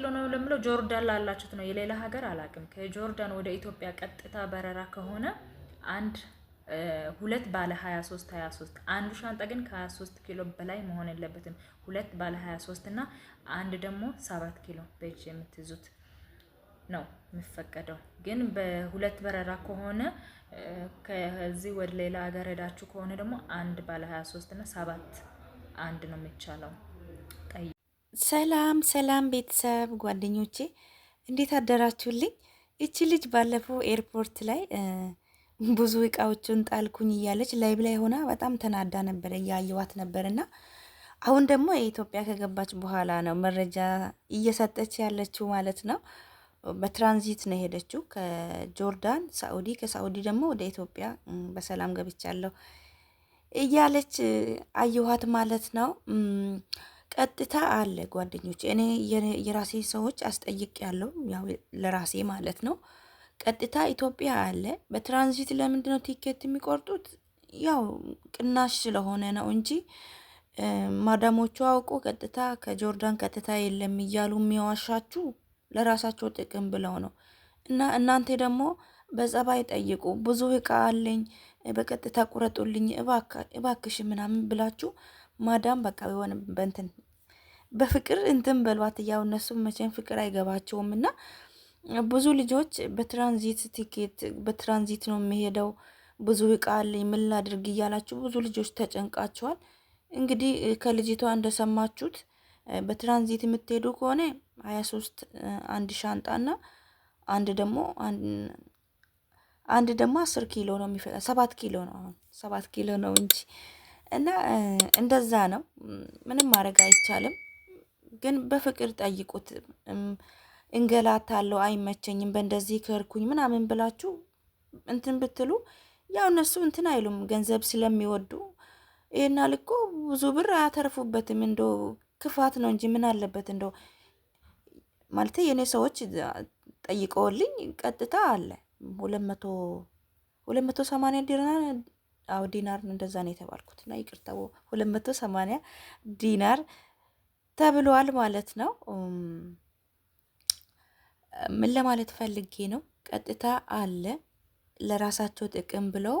ኪሎ ነው ለምለው ጆርዳን ላላችሁት ነው። የሌላ ሀገር አላውቅም። ከጆርዳን ወደ ኢትዮጵያ ቀጥታ በረራ ከሆነ አንድ ሁለት ባለ 23 23 አንዱ ሻንጣ ግን ከ23 ኪሎ በላይ መሆን የለበትም። ሁለት ባለ 23 እና አንድ ደግሞ 7 ኪሎ በእጅ የምትይዙት ነው የሚፈቀደው። ግን በሁለት በረራ ከሆነ ከዚህ ወደ ሌላ ሀገር ሄዳችሁ ከሆነ ደግሞ አንድ ባለ 23 እና 7 አንድ ነው የሚቻለው። ሰላም ሰላም ቤተሰብ ጓደኞቼ እንዴት አደራችሁልኝ? እቺ ልጅ ባለፈው ኤርፖርት ላይ ብዙ እቃዎችን ጣልኩኝ እያለች ላይብ ላይ ሆና በጣም ተናዳ ነበር፣ እያየዋት ነበር። አሁን ደግሞ የኢትዮጵያ ከገባች በኋላ ነው መረጃ እየሰጠች ያለችው ማለት ነው። በትራንዚት ነው የሄደችው ከጆርዳን ሳኡዲ፣ ከሳኡዲ ደግሞ ወደ ኢትዮጵያ በሰላም ገብቻለሁ እያለች አየኋት ማለት ነው። ቀጥታ አለ ጓደኞች። እኔ የራሴ ሰዎች አስጠይቅ ያለው ያው ለራሴ ማለት ነው። ቀጥታ ኢትዮጵያ አለ። በትራንዚት ለምንድን ነው ቲኬት የሚቆርጡት? ያው ቅናሽ ስለሆነ ነው እንጂ ማዳሞቹ አውቁ ቀጥታ ከጆርዳን ቀጥታ የለም እያሉ የሚዋሻችሁ ለራሳቸው ጥቅም ብለው ነው። እና እናንተ ደግሞ በጸባይ ጠይቁ። ብዙ እቃ አለኝ በቀጥታ ቁረጡልኝ እባክሽ ምናምን ብላችሁ ማዳም በቃ የሆነ በንትን በፍቅር እንትን በሏት። ያው እነሱ መቼም ፍቅር አይገባቸውም እና ብዙ ልጆች በትራንዚት ቲኬት በትራንዚት ነው የሚሄደው። ብዙ ቃል ምን ላድርግ እያላችሁ ብዙ ልጆች ተጨንቃቸዋል። እንግዲህ ከልጅቷ እንደሰማችሁት በትራንዚት የምትሄዱ ከሆነ ሀያ ሶስት አንድ ሻንጣ ሻንጣና አንድ ደግሞ አንድ ደግሞ አስር ኪሎ ነው የሚፈ ሰባት ኪሎ ነው አሁን ሰባት ኪሎ ነው እንጂ እና እንደዛ ነው። ምንም ማድረግ አይቻልም። ግን በፍቅር ጠይቁት። እንገላታለሁ፣ አይመቸኝም፣ በእንደዚህ ከርኩኝ ምናምን ብላችሁ እንትን ብትሉ ያው እነሱ እንትን አይሉም። ገንዘብ ስለሚወዱ ይህና ልኮ ብዙ ብር አያተርፉበትም። እንደ ክፋት ነው እንጂ ምን አለበት እንደ ማለት የእኔ ሰዎች ጠይቀውልኝ ቀጥታ አለ ሁለት መቶ ሁለት መቶ ሰማንያ አዎ ዲናር ነው እንደዛ ነው የተባልኩት። እና ይቅርታ ሁለት መቶ ሰማንያ ዲናር ተብሏል ማለት ነው። ምን ለማለት ፈልጌ ነው? ቀጥታ አለ ለራሳቸው ጥቅም ብለው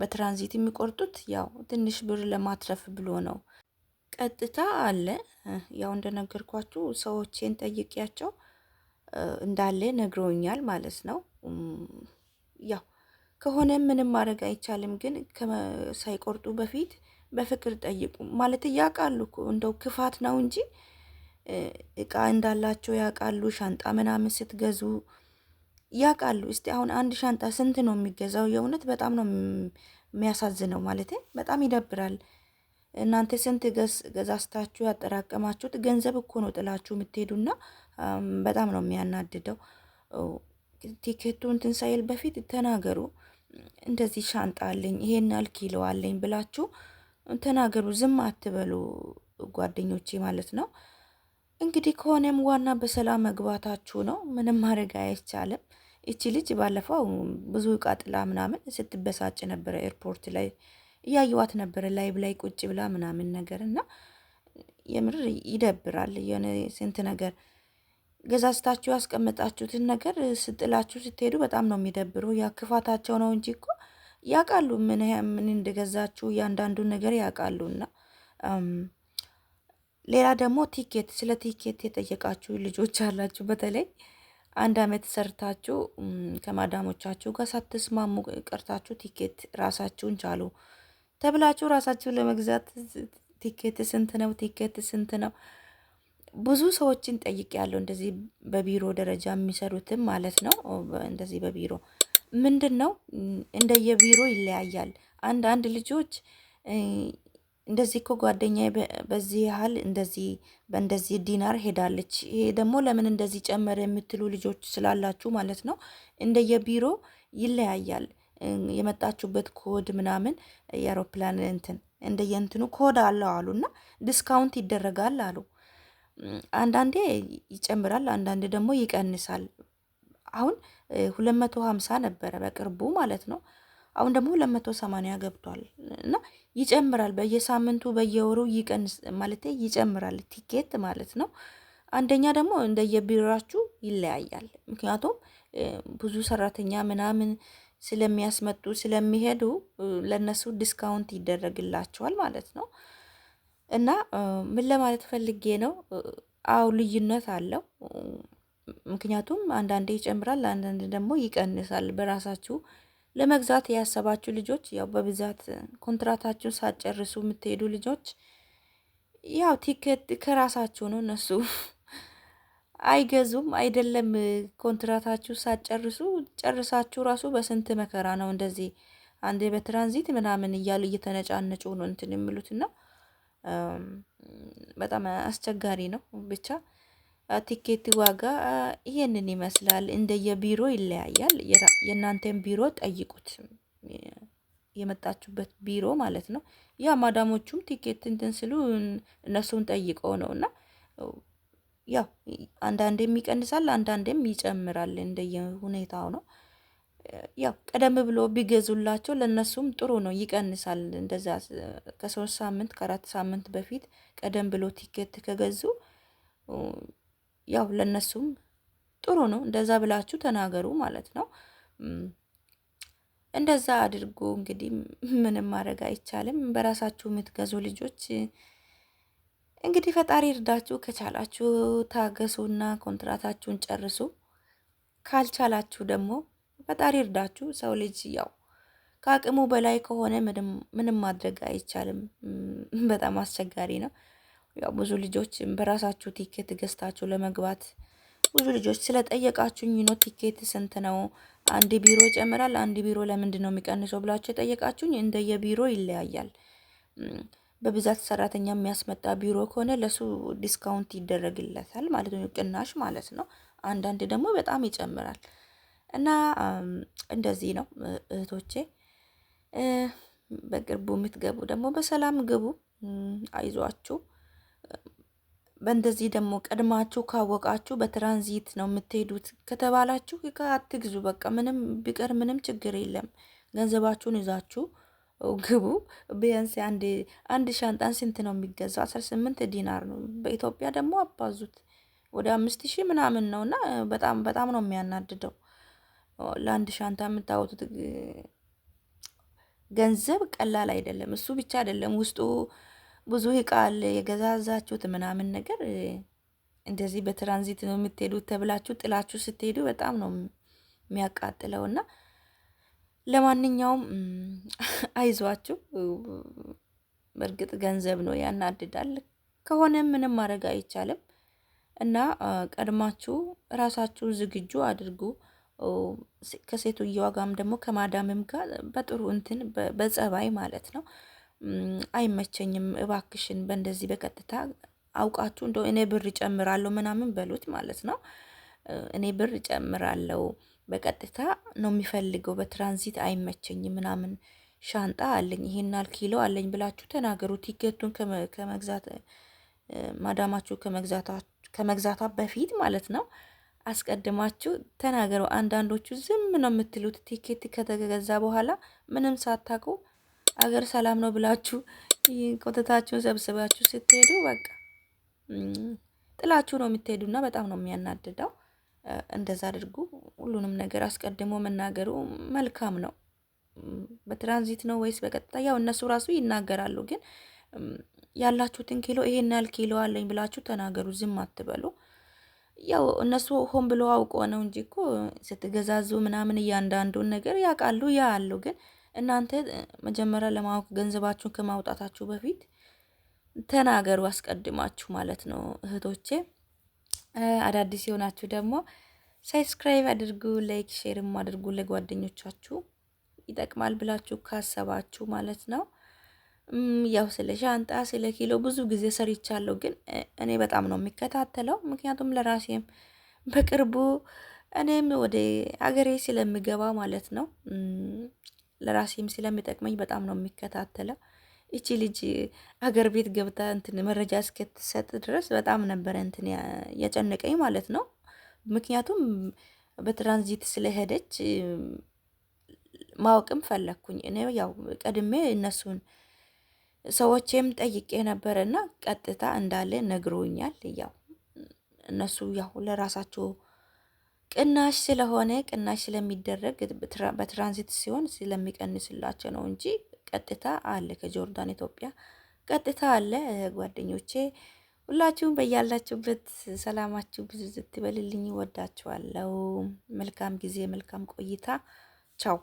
በትራንዚት የሚቆርጡት ያው ትንሽ ብር ለማትረፍ ብሎ ነው። ቀጥታ አለ ያው እንደነገርኳችሁ ሰዎቼን ጠይቄያቸው እንዳለ ነግረውኛል ማለት ነው ያው ከሆነ ምንም ማድረግ አይቻልም። ግን ሳይቆርጡ በፊት በፍቅር ጠይቁ። ማለት ያውቃሉ እኮ እንደው ክፋት ነው እንጂ እቃ እንዳላቸው ያውቃሉ። ሻንጣ ምናምን ስትገዙ ያውቃሉ። እስቲ አሁን አንድ ሻንጣ ስንት ነው የሚገዛው? የእውነት በጣም ነው የሚያሳዝነው። ማለት በጣም ይደብራል። እናንተ ስንት ገዛስታችሁ ያጠራቀማችሁት ገንዘብ እኮ ነው ጥላችሁ የምትሄዱና በጣም ነው የሚያናድደው። ቲኬቱን ትንሳኤል በፊት ተናገሩ። እንደዚህ ሻንጣ አለኝ ይሄን ያህል ኪሎ አለኝ ብላችሁ ተናገሩ። ዝም አትበሉ ጓደኞቼ ማለት ነው። እንግዲህ ከሆነም ዋና በሰላም መግባታችሁ ነው። ምንም ማድረግ አይቻልም። ይቺ ልጅ ባለፈው ብዙ እቃ ጥላ ምናምን ስትበሳጭ ነበረ። ኤርፖርት ላይ እያየዋት ነበረ፣ ላይብ ላይ ቁጭ ብላ ምናምን ነገር እና የምር ይደብራል የሆነ ስንት ነገር ገዛዝታችሁ ያስቀመጣችሁትን ነገር ስጥላችሁ ስትሄዱ በጣም ነው የሚደብሩ። ያ ክፋታቸው ነው እንጂ እኮ ያውቃሉ፣ ምን ምን እንደገዛችሁ እያንዳንዱን ነገር እና ሌላ ደግሞ ቲኬት፣ ስለ ቲኬት የጠየቃችሁ ልጆች አላችሁ። በተለይ አንድ አመት ሰርታችሁ ከማዳሞቻችሁ ጋር ሳትስማሙ ቀርታችሁ ቲኬት ራሳችሁን ቻሉ ተብላችሁ ራሳችሁን ለመግዛት ቲኬት ስንት ነው? ቲኬት ስንት ነው? ብዙ ሰዎችን ጠይቅ ያለው እንደዚህ በቢሮ ደረጃ የሚሰሩትም ማለት ነው። እንደዚህ በቢሮ ምንድን ነው እንደየቢሮ ይለያያል። አንዳንድ ልጆች እንደዚህ እኮ ጓደኛ በዚህ ያህል እንደዚህ በእንደዚህ ዲናር ሄዳለች፣ ይሄ ደግሞ ለምን እንደዚህ ጨመረ የምትሉ ልጆች ስላላችሁ ማለት ነው። እንደየቢሮ ይለያያል። የመጣችሁበት ኮድ ምናምን የአውሮፕላን እንትን እንደየንትኑ ኮድ አለው አሉ እና ዲስካውንት ይደረጋል አሉ። አንዳንዴ ይጨምራል፣ አንዳንዴ ደግሞ ይቀንሳል። አሁን 250 ነበረ በቅርቡ ማለት ነው። አሁን ደግሞ 280 ገብቷል እና ይጨምራል። በየሳምንቱ በየወሩ ይቀንስ ማለት ይጨምራል ቲኬት ማለት ነው። አንደኛ ደግሞ እንደየቢሯችሁ ይለያያል። ምክንያቱም ብዙ ሰራተኛ ምናምን ስለሚያስመጡ ስለሚሄዱ ለነሱ ዲስካውንት ይደረግላቸዋል ማለት ነው። እና ምን ለማለት ፈልጌ ነው? አው ልዩነት አለው። ምክንያቱም አንዳንዴ ይጨምራል፣ አንዳንድ ደግሞ ይቀንሳል። በራሳችሁ ለመግዛት ያሰባችሁ ልጆች ያው በብዛት ኮንትራታችሁን ሳትጨርሱ የምትሄዱ ልጆች ያው ቲኬት ከራሳችሁ ነው። እነሱ አይገዙም አይደለም። ኮንትራታችሁ ሳትጨርሱ ጨርሳችሁ ራሱ በስንት መከራ ነው እንደዚህ አንዴ በትራንዚት ምናምን እያሉ እየተነጫነጩ ነው እንትን ነው። በጣም አስቸጋሪ ነው። ብቻ ቲኬት ዋጋ ይሄንን ይመስላል። እንደየቢሮ ይለያያል። የእናንተን ቢሮ ጠይቁት፣ የመጣችሁበት ቢሮ ማለት ነው። ያ ማዳሞቹም ቲኬት እንትን ስሉ እነሱን ጠይቀው ነው እና ያው አንዳንዴም ይቀንሳል፣ አንዳንዴም ይጨምራል። እንደየ ሁኔታው ነው። ያው ቀደም ብሎ ቢገዙላቸው ለእነሱም ጥሩ ነው፣ ይቀንሳል። እንደዛ ከሶስት ሳምንት ከአራት ሳምንት በፊት ቀደም ብሎ ቲኬት ከገዙ ያው ለእነሱም ጥሩ ነው። እንደዛ ብላችሁ ተናገሩ ማለት ነው። እንደዛ አድርጎ እንግዲህ ምንም ማድረግ አይቻልም። በራሳችሁ የምትገዙ ልጆች እንግዲህ ፈጣሪ እርዳችሁ። ከቻላችሁ ታገሱና ኮንትራታችሁን ጨርሱ። ካልቻላችሁ ደግሞ ፈጣሪ እርዳችሁ። ሰው ልጅ ያው ከአቅሙ በላይ ከሆነ ምንም ማድረግ አይቻልም። በጣም አስቸጋሪ ነው። ያው ብዙ ልጆች በራሳችሁ ቲኬት ገዝታችሁ ለመግባት ብዙ ልጆች ስለጠየቃችሁኝ ነው። ቲኬት ስንት ነው? አንድ ቢሮ ይጨምራል፣ አንድ ቢሮ ለምንድን ነው የሚቀንሰው ብላችሁ የጠየቃችሁኝ፣ እንደየቢሮ ይለያያል። በብዛት ሰራተኛ የሚያስመጣ ቢሮ ከሆነ ለሱ ዲስካውንት ይደረግለታል ማለት ነው፣ ቅናሽ ማለት ነው። አንዳንድ ደግሞ በጣም ይጨምራል። እና እንደዚህ ነው እህቶቼ። በቅርቡ የምትገቡ ደግሞ በሰላም ግቡ፣ አይዟችሁ። በእንደዚህ ደግሞ ቀድማችሁ ካወቃችሁ በትራንዚት ነው የምትሄዱት ከተባላችሁ አትግዙ። በቃ ምንም ቢቀር ምንም ችግር የለም። ገንዘባችሁን ይዛችሁ ግቡ። ቢያንስ አንድ ሻንጣን ስንት ነው የሚገዛው? አስራ ስምንት ዲናር ነው። በኢትዮጵያ ደግሞ አባዙት ወደ አምስት ሺህ ምናምን ነው እና በጣም በጣም ነው የሚያናድደው። ለአንድ ሻንታ የምታወጡት ገንዘብ ቀላል አይደለም። እሱ ብቻ አይደለም፣ ውስጡ ብዙ ይቃል የገዛዛችሁት ምናምን ነገር። እንደዚህ በትራንዚት ነው የምትሄዱት ተብላችሁ ጥላችሁ ስትሄዱ በጣም ነው የሚያቃጥለው እና ለማንኛውም አይዟችሁ። በእርግጥ ገንዘብ ነው ያናድዳል፣ ከሆነ ምንም ማድረግ አይቻልም እና ቀድማችሁ ራሳችሁ ዝግጁ አድርጉ። ከሴትዮዋ ጋርም ደግሞ ከማዳምም ጋር በጥሩ እንትን በጸባይ ማለት ነው አይመቸኝም፣ እባክሽን በእንደዚህ በቀጥታ አውቃችሁ እንደው እኔ ብር ጨምራለሁ ምናምን በሉት ማለት ነው። እኔ ብር ጨምራለሁ በቀጥታ ነው የሚፈልገው፣ በትራንዚት አይመቸኝም ምናምን ሻንጣ አለኝ ይሄን ያህል ኪሎ አለኝ ብላችሁ ተናገሩ። ቲኬቱን ከመግዛት ማዳማችሁ ከመግዛታ በፊት ማለት ነው። አስቀድማችሁ ተናገሩ። አንዳንዶቹ ዝም ነው የምትሉት። ቲኬት ከተገዛ በኋላ ምንም ሳታውቁ አገር ሰላም ነው ብላችሁ ቆተታችሁን ሰብስባችሁ ስትሄዱ በቃ ጥላችሁ ነው የምትሄዱና በጣም ነው የሚያናድደው። እንደዛ አድርጉ። ሁሉንም ነገር አስቀድሞ መናገሩ መልካም ነው። በትራንዚት ነው ወይስ በቀጥታ? ያው እነሱ ራሱ ይናገራሉ። ግን ያላችሁትን ኪሎ ይሄን ያህል ኪሎ አለኝ ብላችሁ ተናገሩ። ዝም አትበሉ። ያው እነሱ ሆን ብሎ አውቆ ነው እንጂ እኮ ስትገዛዙ ምናምን እያንዳንዱን ነገር ያውቃሉ። ያ አሉ ግን እናንተ መጀመሪያ ለማወቅ ገንዘባችሁን ከማውጣታችሁ በፊት ተናገሩ አስቀድማችሁ ማለት ነው እህቶቼ። አዳዲስ የሆናችሁ ደግሞ ሳብስክራይብ አድርጉ፣ ላይክ ሼርም አድርጉ ለጓደኞቻችሁ ይጠቅማል ብላችሁ ካሰባችሁ ማለት ነው። ያው ስለ ሻንጣ ስለ ኪሎ ብዙ ጊዜ ሰርቻለሁ፣ ግን እኔ በጣም ነው የሚከታተለው። ምክንያቱም ለራሴም በቅርቡ እኔም ወደ አገሬ ስለምገባ ማለት ነው ለራሴም ስለሚጠቅመኝ በጣም ነው የሚከታተለው። እቺ ልጅ አገር ቤት ገብታ እንትን መረጃ እስከትሰጥ ድረስ በጣም ነበረ እንትን ያጨነቀኝ ማለት ነው። ምክንያቱም በትራንዚት ስለሄደች ማወቅም ፈለግኩኝ እኔ ያው ቀድሜ እነሱን ሰዎችም ጠይቄ ነበር እና ቀጥታ እንዳለ ነግሮኛል። ያው እነሱ ያው ለራሳቸው ቅናሽ ስለሆነ ቅናሽ ስለሚደረግ በትራንዚት ሲሆን ስለሚቀንስላቸው ነው እንጂ ቀጥታ አለ ከጆርዳን ኢትዮጵያ ቀጥታ አለ። ጓደኞቼ ሁላችሁም በያላችሁበት ሰላማችሁ ብዙ ይበልልኝ። ወዳችኋለሁ። መልካም ጊዜ፣ መልካም ቆይታ። ቻው